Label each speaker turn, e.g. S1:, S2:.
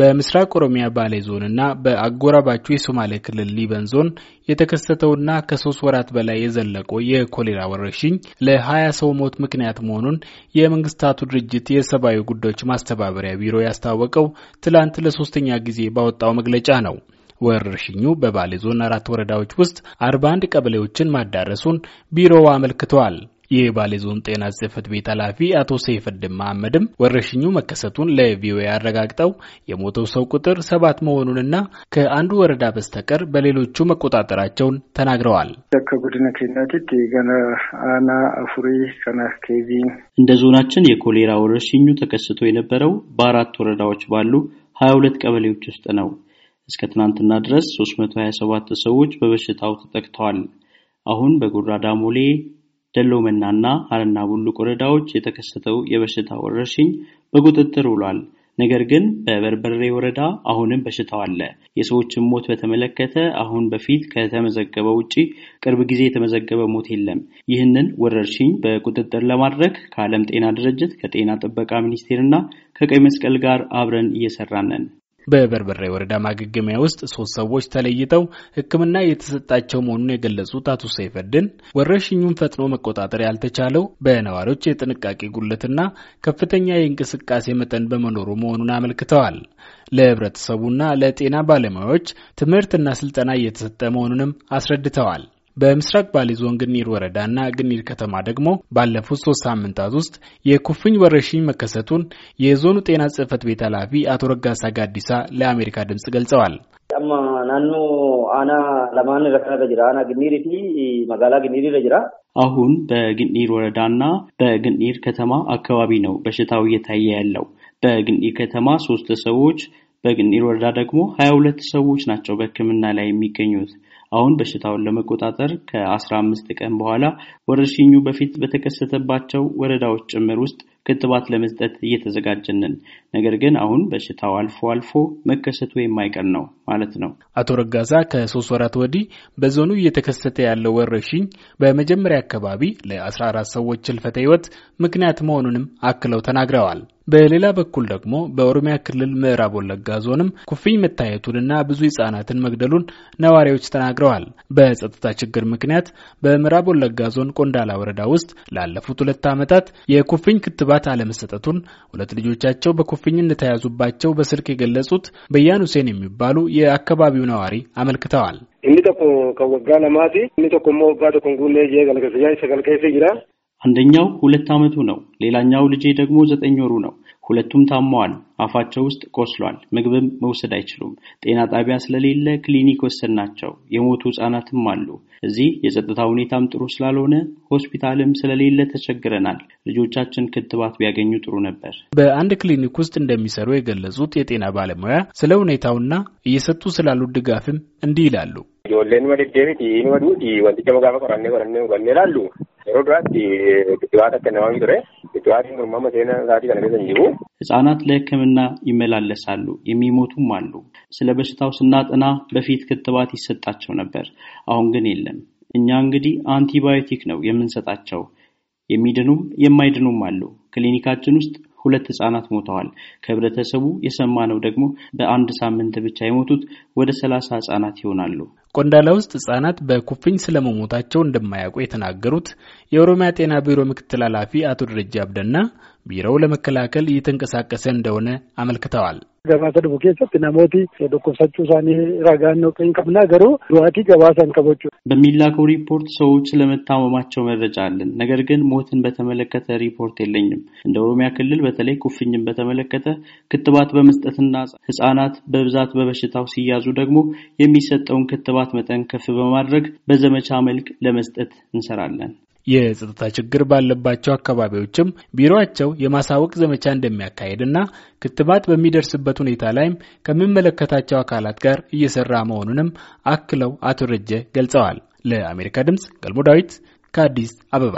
S1: በምስራቅ ኦሮሚያ ባሌ ዞን እና በአጎራባቹ የሶማሌ ክልል ሊበን ዞን የተከሰተውና ከሶስት ወራት በላይ የዘለቀው የኮሌራ ወረርሽኝ ለሀያ ሰው ሞት ምክንያት መሆኑን የመንግስታቱ ድርጅት የሰብአዊ ጉዳዮች ማስተባበሪያ ቢሮ ያስታወቀው ትላንት ለሶስተኛ ጊዜ ባወጣው መግለጫ ነው። ወረርሽኙ በባሌ ዞን አራት ወረዳዎች ውስጥ አርባ አንድ ቀበሌዎችን ማዳረሱን ቢሮው አመልክተዋል። የባሌ ዞን ጤና ጽህፈት ቤት ኃላፊ አቶ ሰይፈድን መሐመድም ወረሽኙ መከሰቱን ለቪኦኤ አረጋግጠው የሞተው ሰው ቁጥር ሰባት መሆኑንና ከአንዱ ወረዳ በስተቀር በሌሎቹ መቆጣጠራቸውን
S2: ተናግረዋል። እንደ ዞናችን የኮሌራ ወረርሽኙ ተከስቶ የነበረው በአራት ወረዳዎች ባሉ ሀያ ሁለት ቀበሌዎች ውስጥ ነው። እስከ ትናንትና ድረስ 327 ሰዎች በበሽታው ተጠቅተዋል። አሁን በጉራ ዳሞሌ እና ሀረና ቡሉቅ ወረዳዎች የተከሰተው የበሽታ ወረርሽኝ በቁጥጥር ውሏል። ነገር ግን በበርበሬ ወረዳ አሁንም በሽታው አለ። የሰዎችን ሞት በተመለከተ አሁን በፊት ከተመዘገበ ውጪ ቅርብ ጊዜ የተመዘገበ ሞት የለም። ይህንን ወረርሽኝ በቁጥጥር ለማድረግ ከዓለም ጤና ድርጅት ከጤና ጥበቃ ሚኒስቴርና ከቀይ መስቀል ጋር አብረን እየሰራን ነን።
S1: በበርበሬ ወረዳ ማገገሚያ ውስጥ ሶስት ሰዎች ተለይተው ሕክምና የተሰጣቸው መሆኑን የገለጹት አቶ ሰይፈድን ወረሽኙን ፈጥኖ መቆጣጠር ያልተቻለው በነዋሪዎች የጥንቃቄ ጉድለትና ከፍተኛ የእንቅስቃሴ መጠን በመኖሩ መሆኑን አመልክተዋል። ለህብረተሰቡና ለጤና ባለሙያዎች ትምህርትና ስልጠና እየተሰጠ መሆኑንም አስረድተዋል። በምስራቅ ባሌ ዞን ግኒር ወረዳና ግኒር ከተማ ደግሞ ባለፉት ሶስት ሳምንታት ውስጥ የኩፍኝ ወረርሽኝ መከሰቱን የዞኑ ጤና ጽህፈት ቤት ኃላፊ አቶ ረጋሳ
S2: ጋዲሳ ለአሜሪካ ድምጽ ገልጸዋል። ናኖ አና ለማን ግኒር መጋላ ግኒር ረጅራ አሁን በግኒር ወረዳና በግኒር ከተማ አካባቢ ነው በሽታው እየታየ ያለው። በግኒር ከተማ ሶስት ሰዎች በግኒር ወረዳ ደግሞ 22 ሁለት ሰዎች ናቸው በህክምና ላይ የሚገኙት። አሁን በሽታውን ለመቆጣጠር ከ15 ቀን በኋላ ወረርሽኙ በፊት በተከሰተባቸው ወረዳዎች ጭምር ውስጥ ክትባት ለመስጠት እየተዘጋጀንን፣ ነገር ግን አሁን በሽታው አልፎ አልፎ መከሰቱ የማይቀር ነው ማለት ነው።
S1: አቶ ረጋሳ ከሶስት ወራት ወዲህ በዞኑ እየተከሰተ ያለው ወረርሽኝ በመጀመሪያ አካባቢ ለ14 ሰዎች እልፈተ ህይወት ምክንያት መሆኑንም አክለው ተናግረዋል። በሌላ በኩል ደግሞ በኦሮሚያ ክልል ምዕራብ ወለጋ ዞንም ኩፍኝ መታየቱንና ብዙ ህጻናትን መግደሉን ነዋሪዎች ተናግረዋል። በጸጥታ ችግር ምክንያት በምዕራብ ወለጋ ዞን ቆንዳላ ወረዳ ውስጥ ላለፉት ሁለት ዓመታት የኩፍኝ ክትባት አለመሰጠቱን ሁለት ልጆቻቸው በኩፍኝ እንደተያዙባቸው በስልክ የገለጹት በያን ሁሴን የሚባሉ የአካባቢው ነዋሪ አመልክተዋል።
S2: አንደኛው ሁለት ዓመቱ ነው። ሌላኛው ልጄ ደግሞ ዘጠኝ ወሩ ነው። ሁለቱም ታመዋል። አፋቸው ውስጥ ቆስሏል። ምግብም መውሰድ አይችሉም። ጤና ጣቢያ ስለሌለ ክሊኒክ ናቸው። የሞቱ ህጻናትም አሉ። እዚህ የጸጥታ ሁኔታም ጥሩ ስላልሆነ ሆስፒታልም ስለሌለ ተቸግረናል። ልጆቻችን ክትባት ቢያገኙ ጥሩ ነበር።
S1: በአንድ ክሊኒክ ውስጥ እንደሚሰሩ የገለጹት የጤና ባለሙያ ስለ ሁኔታውና እየሰጡ ስላሉት ድጋፍም እንዲህ ይላሉ። Yeroo duraatti ክትባት አከናዋሚ ture. ክትባት mormama seenaa isaatii kana keessa hin
S2: jiru. ይመላለሳሉ፣ የሚሞቱም አሉ። ስለ በሽታው ስናጠና በፊት ክትባት ይሰጣቸው ነበር፣ አሁን ግን የለም። እኛ እንግዲህ አንቲባዮቲክ ነው የምንሰጣቸው። የሚድኑም የማይድኑም አሉ። ክሊኒካችን ውስጥ ሁለት ህጻናት ሞተዋል። ከህብረተሰቡ የሰማነው ደግሞ በአንድ ሳምንት ብቻ የሞቱት ወደ ሰላሳ ህጻናት ይሆናሉ።
S1: ቆንዳላ ውስጥ ህጻናት በኩፍኝ ስለመሞታቸው እንደማያውቁ የተናገሩት የኦሮሚያ ጤና ቢሮ ምክትል ኃላፊ አቶ ደረጃ አብደና ቢሮው ለመከላከል እየተንቀሳቀሰ እንደሆነ አመልክተዋል።
S2: ገባሰ ዱቡ ኬሰት ናሞቲ ዶኮብሳቹ ሳኔ ራጋኖ ቀኝከብና ገሩ ዱዋቲ ገባሰን ከቦቹ በሚላከው ሪፖርት ሰዎች ስለመታመማቸው መረጃ አለን። ነገር ግን ሞትን በተመለከተ ሪፖርት የለኝም። እንደ ኦሮሚያ ክልል በተለይ ኩፍኝን በተመለከተ ክትባት በመስጠትና ህጻናት በብዛት በበሽታው ሲያዙ ደግሞ የሚሰጠውን ክትባት የመግባባት መጠን ከፍ በማድረግ በዘመቻ መልክ ለመስጠት እንሰራለን።
S1: የጸጥታ ችግር ባለባቸው አካባቢዎችም ቢሮአቸው የማሳወቅ ዘመቻ እንደሚያካሄድና ክትባት በሚደርስበት ሁኔታ ላይም ከሚመለከታቸው አካላት ጋር እየሰራ መሆኑንም አክለው አቶ ረጀ ገልጸዋል። ለአሜሪካ ድምፅ ገልሞ ዳዊት ከአዲስ አበባ